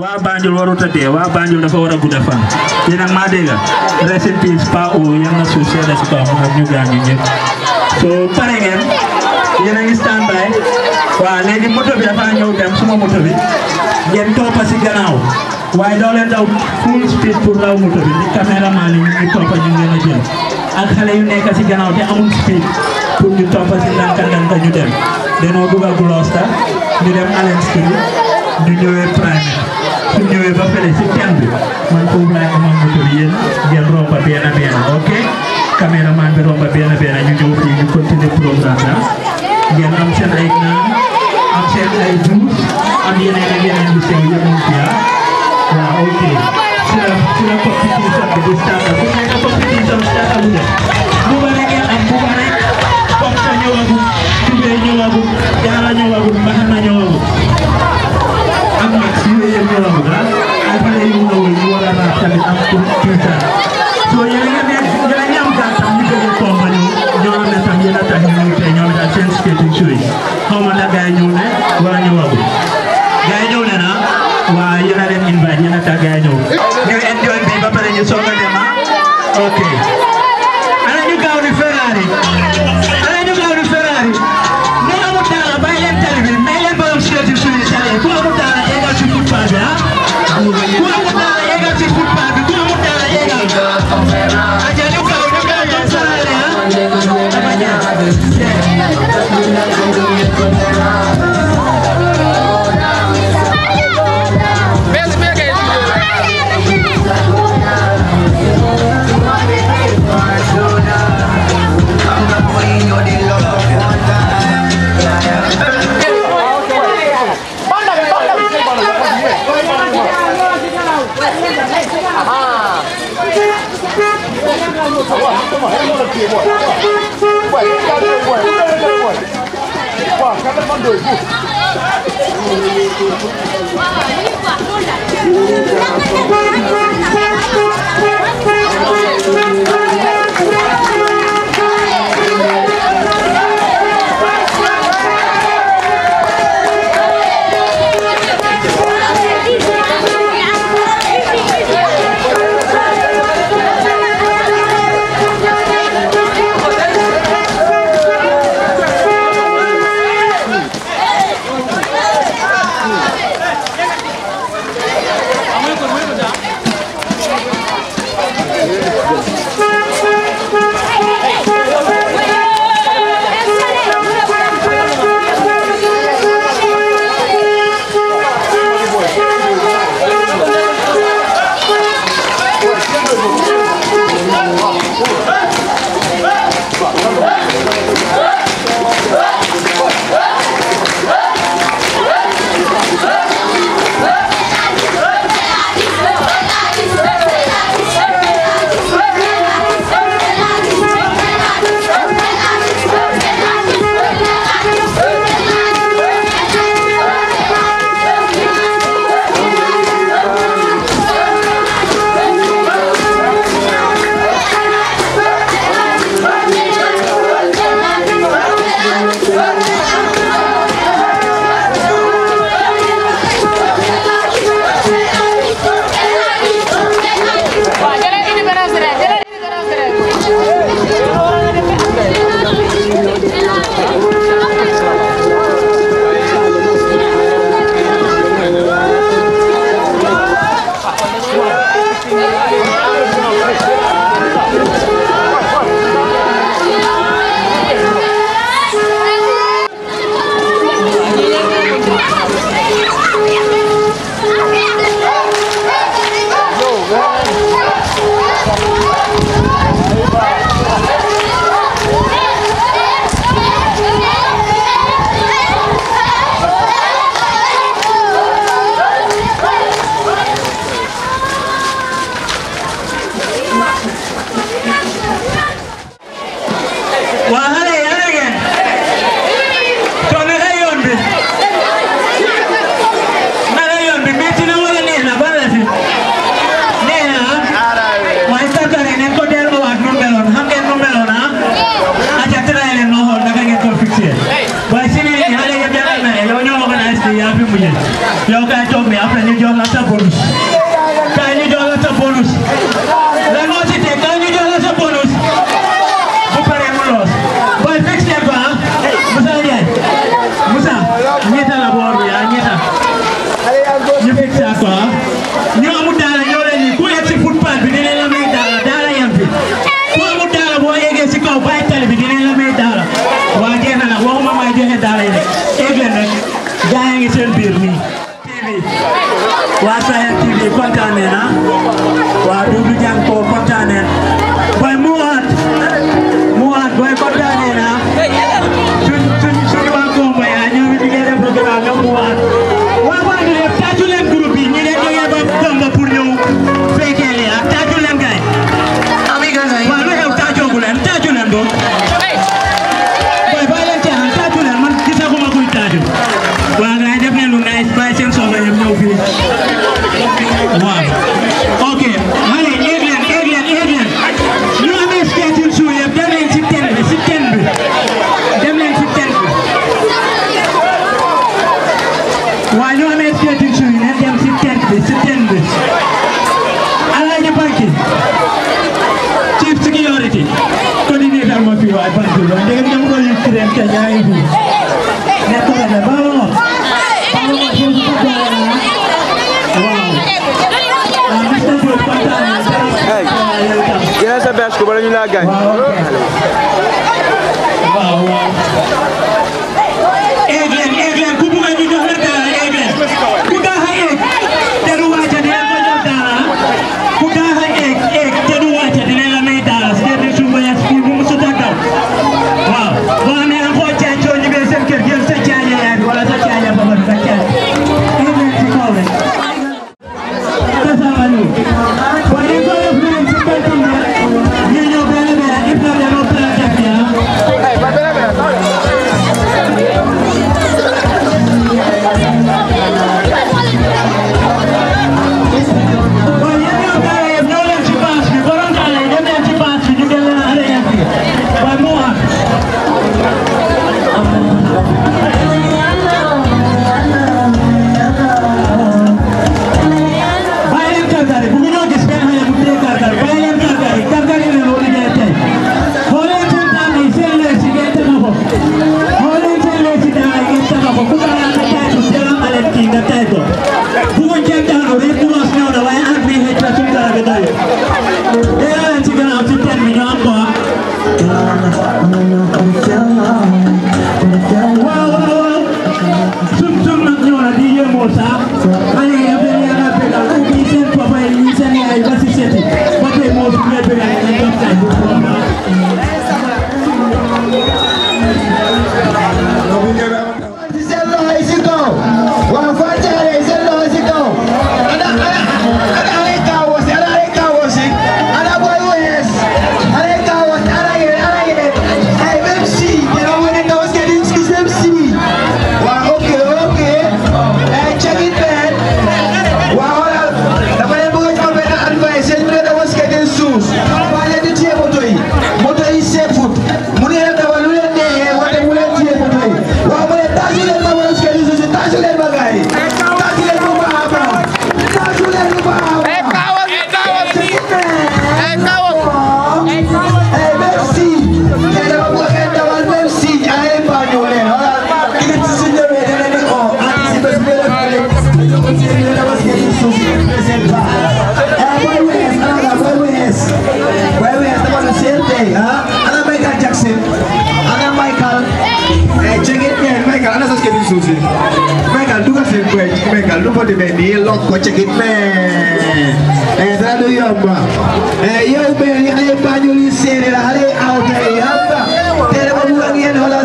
waa Banjul warut a dee waa Banjul dafa war a gudd fan yéen maa dégg rest in peace Pa O yal na suuf sedd si ñu gaañu soo pare ngeen yéen a ngi stand by waa léegi moto bi dafa dem suma moto bi ngeen toppa si gannaaw waaye doo leen daw full speed pour raw moto bi ni caméraman yi ñu toppa ñu ngeen a jël ak xale yu nekk si gannaaw te amul speed pour ñu toppa si ndànka ndànka ñu dem danoo dugg a Gloucester ñu dem Allen Street ñu ñëwee Primary su ñëwee ba fële si kenn bi man foofu laay amoon moto bi yéen ngeen romba benn benn ok caméraman bi romba benn benn ñu ñëw fii ñu continuer programme la ngeen am seen ay naan am seen ay douche am yeneen ak yeneen yu sew yëpp mu Nah, oke. Okay. Sudah sudah keputusan bagus sana. Bukannya keputusan sudah kamu ya. Bukannya ambu mana? Bangsanya wabu, tubuhnya wabu, jalannya wabu, bahannya wabu. Amat yang wabu kan? Apa yang mau luar rasa aku kita? Soalnya kan ya, jalannya amkat, tapi kalau pamannya, jalannya sambil ada yang mau jalan jalan yi kontaanee na waaw Doudou Dianko kontaanee boy mu waat mu waat boy kontaanee na suñ suñ suñ waa Kombo yaa ñoom it ñu ngi def programme nga mu waat waaw waaw ñu def tàccu leen groupe yi ñu ne jógee ba Kombo pour ñëw fekkee leen ak tàccu leen kay waaw lu xew tàccoogu leen tàccu leen doon Voilà, il a gagné.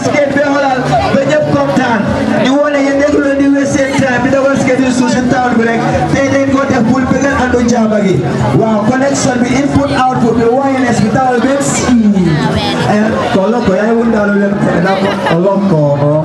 dogal connection input output bi wireless and tawal bépp si. Eh, koloko yaay wundaalu leen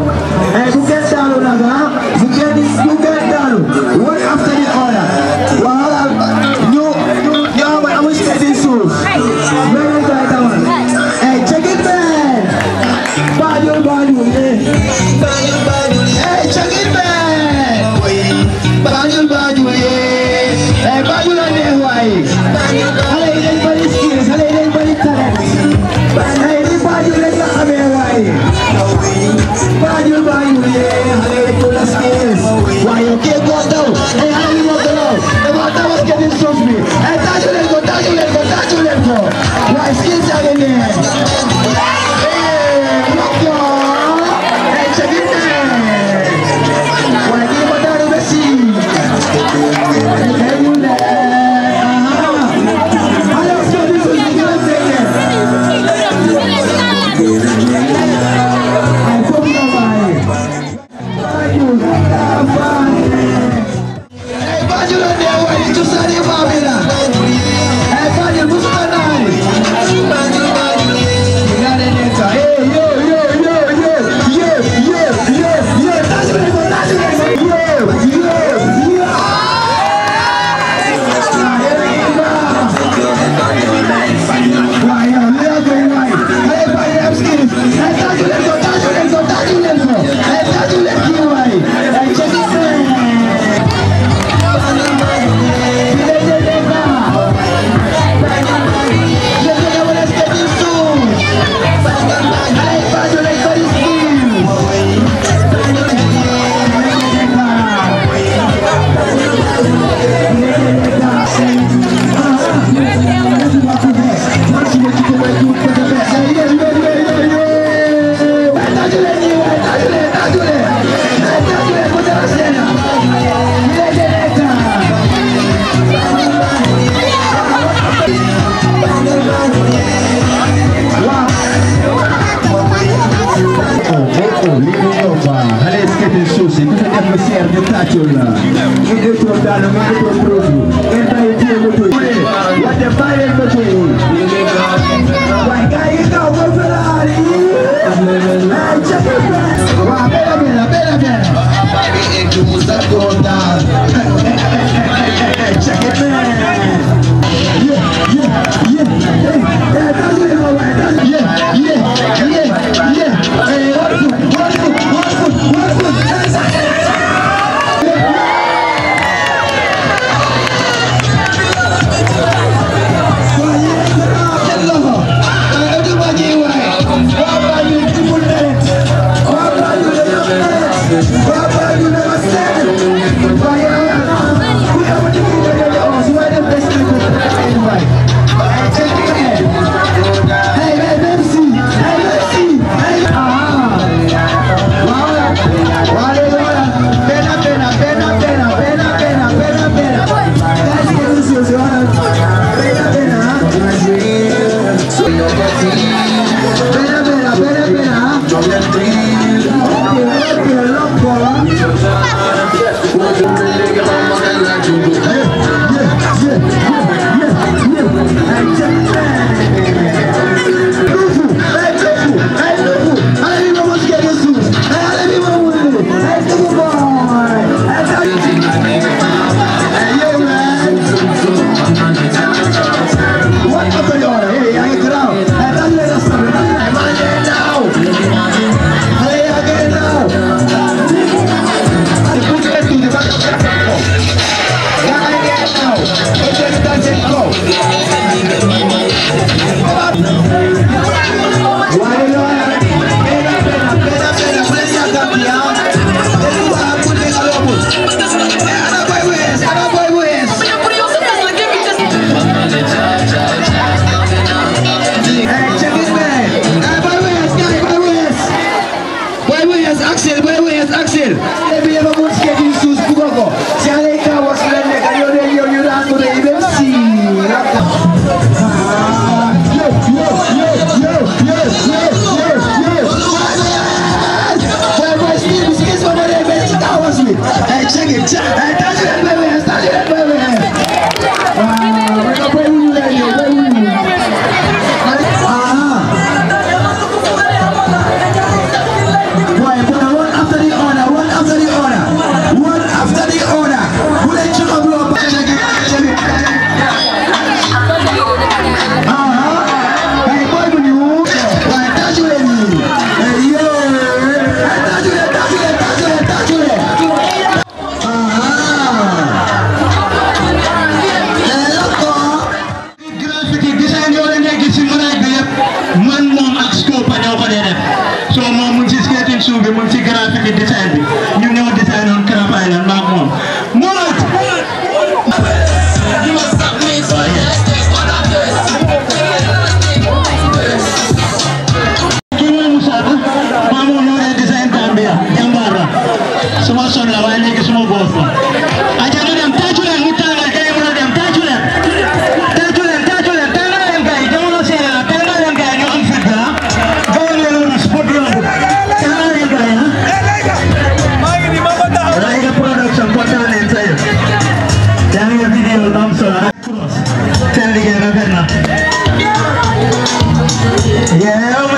Yeah.